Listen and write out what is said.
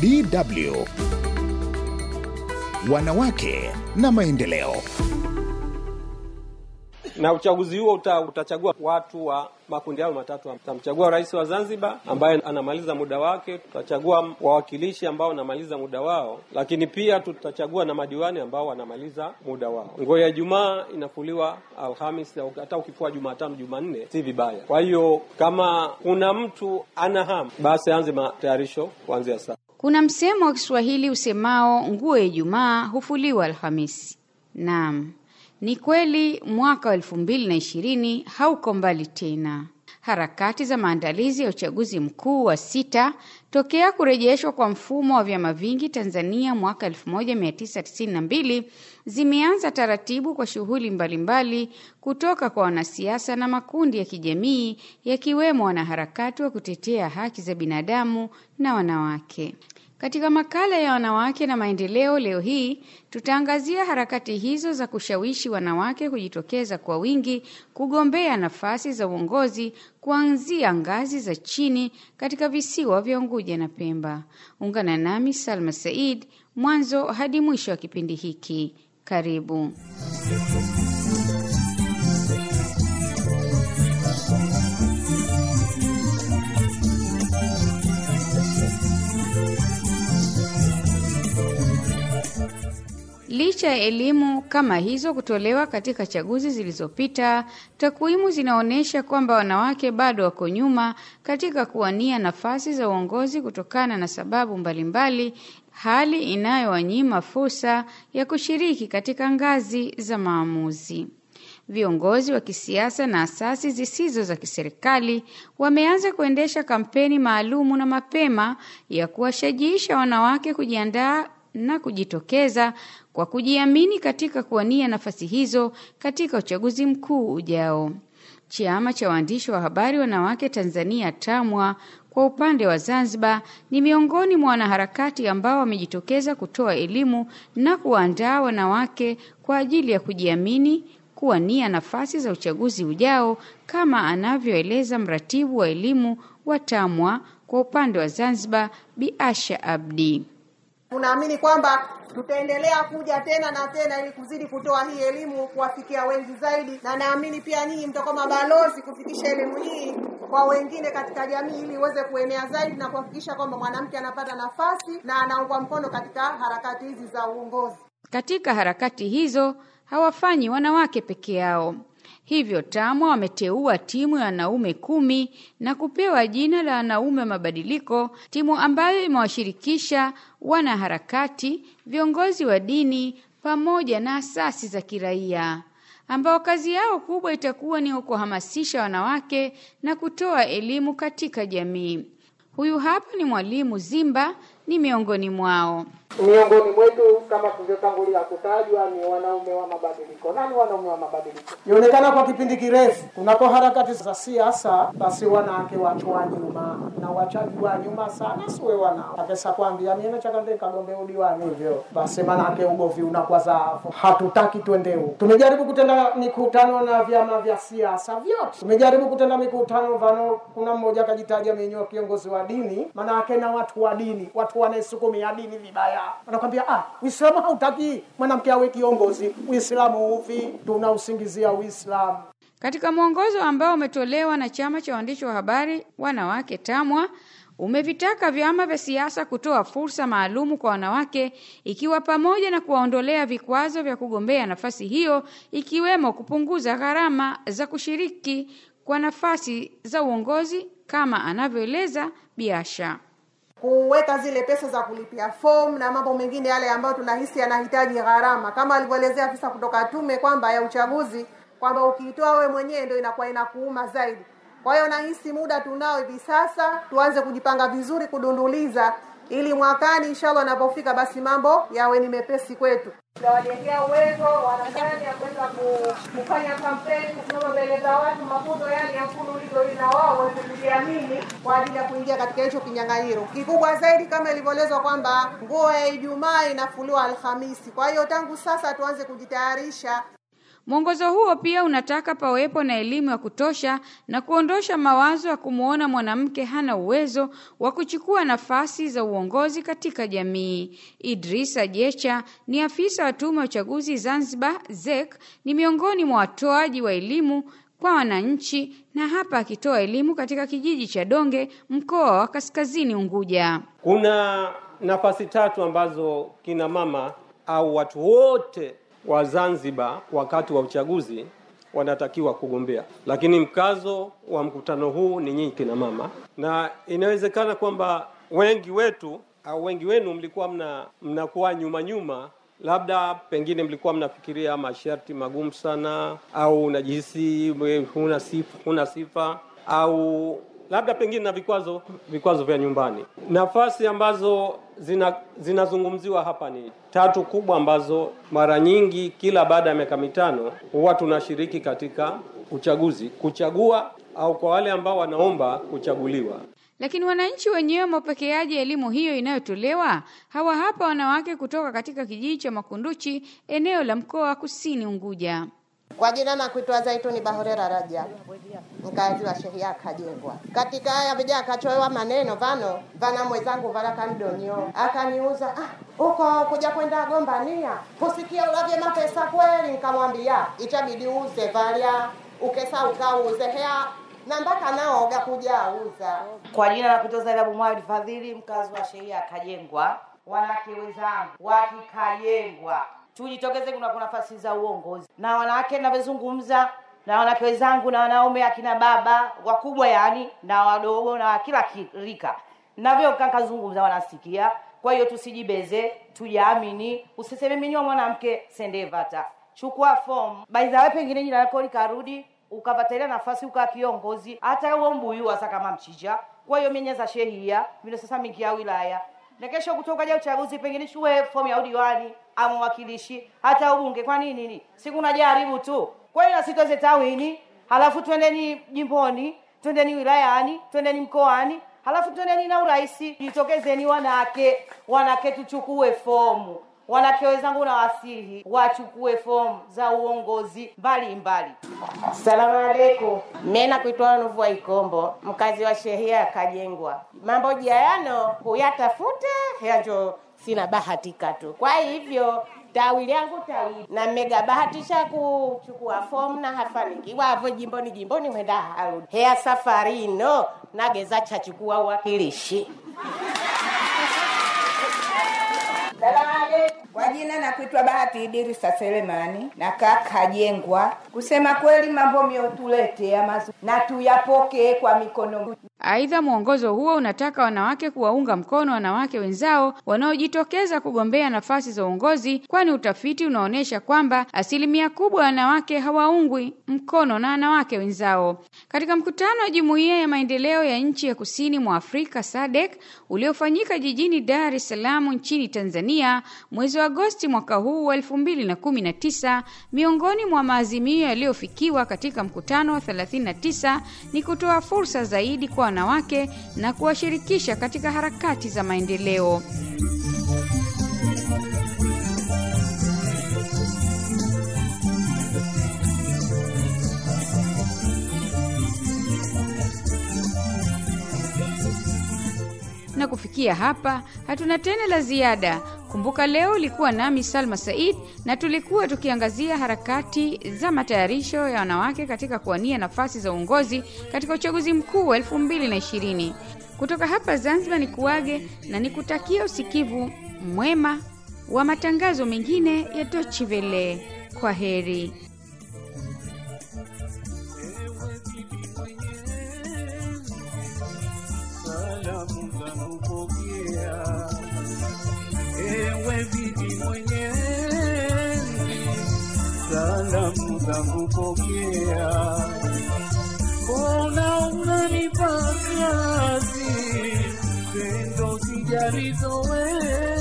BW. wanawake na maendeleo. Na uchaguzi huo uta, utachagua watu wa makundi hayo matatu. Tutamchagua rais wa Zanzibar ambaye anamaliza muda wake, tutachagua wawakilishi ambao wanamaliza muda wao, lakini pia tutachagua na madiwani ambao wanamaliza muda wao. Nguo ya jumaa inafuliwa Alhamis hata ukifua Jumatano, Jumanne si vibaya. Kwa hiyo kama kuna mtu ana hamu, basi anze matayarisho kuanzia sasa. Kuna msemo wa Kiswahili usemao nguo ya Ijumaa hufuliwa Alhamisi. Naam, ni kweli mwaka wa elfu mbili na ishirini hauko mbali tena harakati za maandalizi ya uchaguzi mkuu wa sita tokea kurejeshwa kwa mfumo wa vyama vingi Tanzania mwaka 1992 zimeanza taratibu kwa shughuli mbalimbali kutoka kwa wanasiasa na makundi ya kijamii yakiwemo wanaharakati wa kutetea haki za binadamu na wanawake. Katika makala ya wanawake na maendeleo leo hii tutaangazia harakati hizo za kushawishi wanawake kujitokeza kwa wingi kugombea nafasi za uongozi kuanzia ngazi za chini katika visiwa vya Unguja na Pemba. Ungana nami Salma Said mwanzo hadi mwisho wa kipindi hiki. Karibu. Licha ya elimu kama hizo kutolewa katika chaguzi zilizopita, takwimu zinaonyesha kwamba wanawake bado wako nyuma katika kuwania nafasi za uongozi kutokana na sababu mbalimbali, hali inayowanyima fursa ya kushiriki katika ngazi za maamuzi. Viongozi wa kisiasa na asasi zisizo za kiserikali wameanza kuendesha kampeni maalumu na mapema ya kuwashajiisha wanawake kujiandaa na kujitokeza kwa kujiamini katika kuwania nafasi hizo katika uchaguzi mkuu ujao. Chama cha waandishi wa habari wanawake Tanzania TAMWA kwa upande wa Zanzibar ni miongoni mwa wanaharakati ambao wamejitokeza kutoa elimu na kuwaandaa wanawake kwa ajili ya kujiamini kuwania nafasi za uchaguzi ujao, kama anavyoeleza mratibu wa elimu wa TAMWA kwa upande wa Zanzibar, Bi Asha Abdi. Tunaamini kwamba tutaendelea kuja tena na tena ili kuzidi kutoa hii elimu kuwafikia wengi zaidi, na naamini pia nyinyi mtakuwa mabalozi kufikisha elimu hii kwa wengine katika jamii ili iweze kuenea zaidi na kuhakikisha kwamba mwanamke anapata nafasi na anaungwa mkono katika harakati hizi za uongozi. Katika harakati hizo hawafanyi wanawake peke yao. Hivyo TAMWA wameteua timu ya wanaume kumi na kupewa jina la wanaume mabadiliko, timu ambayo imewashirikisha wanaharakati, viongozi wa dini pamoja na asasi za kiraia ambao kazi yao kubwa itakuwa ni kuhamasisha wanawake na kutoa elimu katika jamii. Huyu hapa ni mwalimu Zimba ni miongoni mwao. Miongoni mwetu kama tulivyotangulia kutajwa ni wanaume wa mabadiliko. Nani wanaume wa mabadiliko? Ionekana kwa kipindi kirefu kunako harakati za siasa, basi wanawake wachwa nyuma na wa nyuma sana, siwe wana akesa kwambia mimi chakande kagombe udiwani hivyo, basi manake ugovi unakuwa zaafu. Hatutaki twende twendeu. Tumejaribu kutenda mikutano na vyama vya siasa vyote, tumejaribu kutenda mikutano vano, kuna mmoja akajitaja mwenyewe kiongozi wa dini, manake na watu wa dini, watu wanaesukumia dini vibaya haya anakwambia ah uislamu hautaki mwanamke awe kiongozi uislamu uvi tunausingizia uislamu katika mwongozo ambao umetolewa na chama cha waandishi wa habari wanawake tamwa umevitaka vyama vya siasa kutoa fursa maalumu kwa wanawake ikiwa pamoja na kuwaondolea vikwazo vya kugombea nafasi hiyo ikiwemo kupunguza gharama za kushiriki kwa nafasi za uongozi kama anavyoeleza Biasha kuweka zile pesa za kulipia form na mambo mengine yale ambayo tunahisi yanahitaji gharama, kama alivyoelezea afisa kutoka tume kwamba ya uchaguzi kwamba ukiitoa wewe mwenyewe ndio inakuwa inakuuma zaidi. Kwa hiyo nahisi muda tunao hivi sasa, tuanze kujipanga vizuri kudunduliza ili mwakani inshallah anapofika basi mambo yawe ni mepesi kwetu. Tunawajengea uwezo wanadhani ya kuweza kufanya kampeni, kusimama mbele za watu, mafunzo yale ya ili na wao waweze kujiamini kwa ajili ya kuingia katika hicho kinyang'anyiro kikubwa zaidi, kama ilivyoelezwa kwamba nguo ya Ijumaa inafuliwa Alhamisi. Kwa hiyo tangu sasa tuanze kujitayarisha Mwongozo huo pia unataka pawepo na elimu ya kutosha na kuondosha mawazo ya kumwona mwanamke hana uwezo wa kuchukua nafasi za uongozi katika jamii. Idrisa Jecha ni afisa wa tume ya uchaguzi Zanzibar ZEC, ni miongoni mwa watoaji wa elimu kwa wananchi na hapa akitoa elimu katika kijiji cha Donge, mkoa wa Kaskazini Unguja. Kuna nafasi tatu ambazo kina mama au watu wote wa Zanzibar wakati wa uchaguzi wanatakiwa kugombea, lakini mkazo wa mkutano huu ni nyinyi kina mama, na inawezekana kwamba wengi wetu au wengi wenu mlikuwa mna mnakuwa nyuma nyuma, labda pengine mlikuwa mnafikiria masharti magumu sana, au unajihisi huna sifa, huna sifa au labda pengine na vikwazo vikwazo vya nyumbani. Nafasi ambazo zina, zinazungumziwa hapa ni tatu kubwa ambazo mara nyingi kila baada ya miaka mitano huwa tunashiriki katika uchaguzi, kuchagua au kwa wale ambao wanaomba kuchaguliwa. Lakini wananchi wenyewe wapokeaje elimu hiyo inayotolewa? Hawa hapa wanawake kutoka katika kijiji cha Makunduchi, eneo la mkoa wa Kusini Unguja. Kwa jina na kuitwa Zaituni Bahorera Raja, mkazi wa shehia Kajengwa. Katika haya vija akachoewa maneno vano vana mwezangu kandonio akaniuza huko ah, kuja kwenda gombania kusikia ulavye mapesa kweli. Nkamwambia itabidi uze valya ukesa ukauze hea na mpaka naoga kuja uza Kwa jina la kutoza Zainabu Mwali Fadhili, mkazi wa shehia Kajengwa, wanawake wenzangu wakikajengwa tujitokeze kuna nafasi za uongozi, na wanawake ninavyozungumza na wanawake wenzangu na wanaume, akina baba wakubwa, yani na wadogo, na kila kirika navyokakazungumza wanasikia. Kwa hiyo tusijibeze, tujaamini, usiseme mimi ni mwanamke sendevata. Chukua fomu baizawe, pengine jina lako likarudi, ukapata ile nafasi, ukaa kiongozi, hata uombuyu hasa kama mchicha. Kwa hiyo menyeza shehia vino sasa mingia wilaya na kesho kutokaja uchaguzi pengine chue fomu ya udiwani ama uwakilishi hata ubunge. Kwa nini nini? Siku najaribu tu. Kwa hiyo nasitoze tawini, halafu twendeni jimboni, twendeni wilayani, twendeni mkoani, halafu twendeni na urahisi Jitokezeni wanake wanake tuchukue fomu. Wanawake wenzangu na wasihi wachukue fomu za uongozi mbalimbali. Salamu aleikum, mimi nakuitwa wa Ikombo, mkazi wa shehia Kajengwa. Mambo jayano kuyatafuta yanjo, sina bahatika tu, kwa hivyo tawi langu tawili na mega bahatisha kuchukua fomu na hafanikiwa havo jimboni jimboni wenda harudi hea safari no nageza chachukua uwakilishi kwa jina na kuitwa Bahati Idirisa Selemani, na kakajengwa Kusema kweli, mambo miotuletea mazuri na tuyapokee kwa mikono Aidha, mwongozo huo unataka wanawake kuwaunga mkono wanawake wenzao wanaojitokeza kugombea nafasi za uongozi, kwani utafiti unaonyesha kwamba asilimia kubwa ya wanawake hawaungwi mkono na wanawake wenzao. Katika mkutano wa Jumuiya ya Maendeleo ya Nchi ya Kusini mwa Afrika SADC uliofanyika jijini Dar es Salaam nchini Tanzania mwezi wa Agosti mwaka huu wa 2019, miongoni mwa maazimio yaliyofikiwa katika mkutano wa 39 ni kutoa fursa zaidi kwa wanawake na kuwashirikisha katika harakati za maendeleo. Na kufikia hapa hatuna tena la ziada. Kumbuka leo ulikuwa nami Salma Said na tulikuwa tukiangazia harakati za matayarisho ya wanawake katika kuwania nafasi za uongozi katika uchaguzi mkuu wa 2020. Kutoka hapa Zanzibar ni kuage na nikutakia usikivu mwema wa matangazo mengine ya Tochivele. Kwa heri. mi paz, así, tengo cigarrito, eh.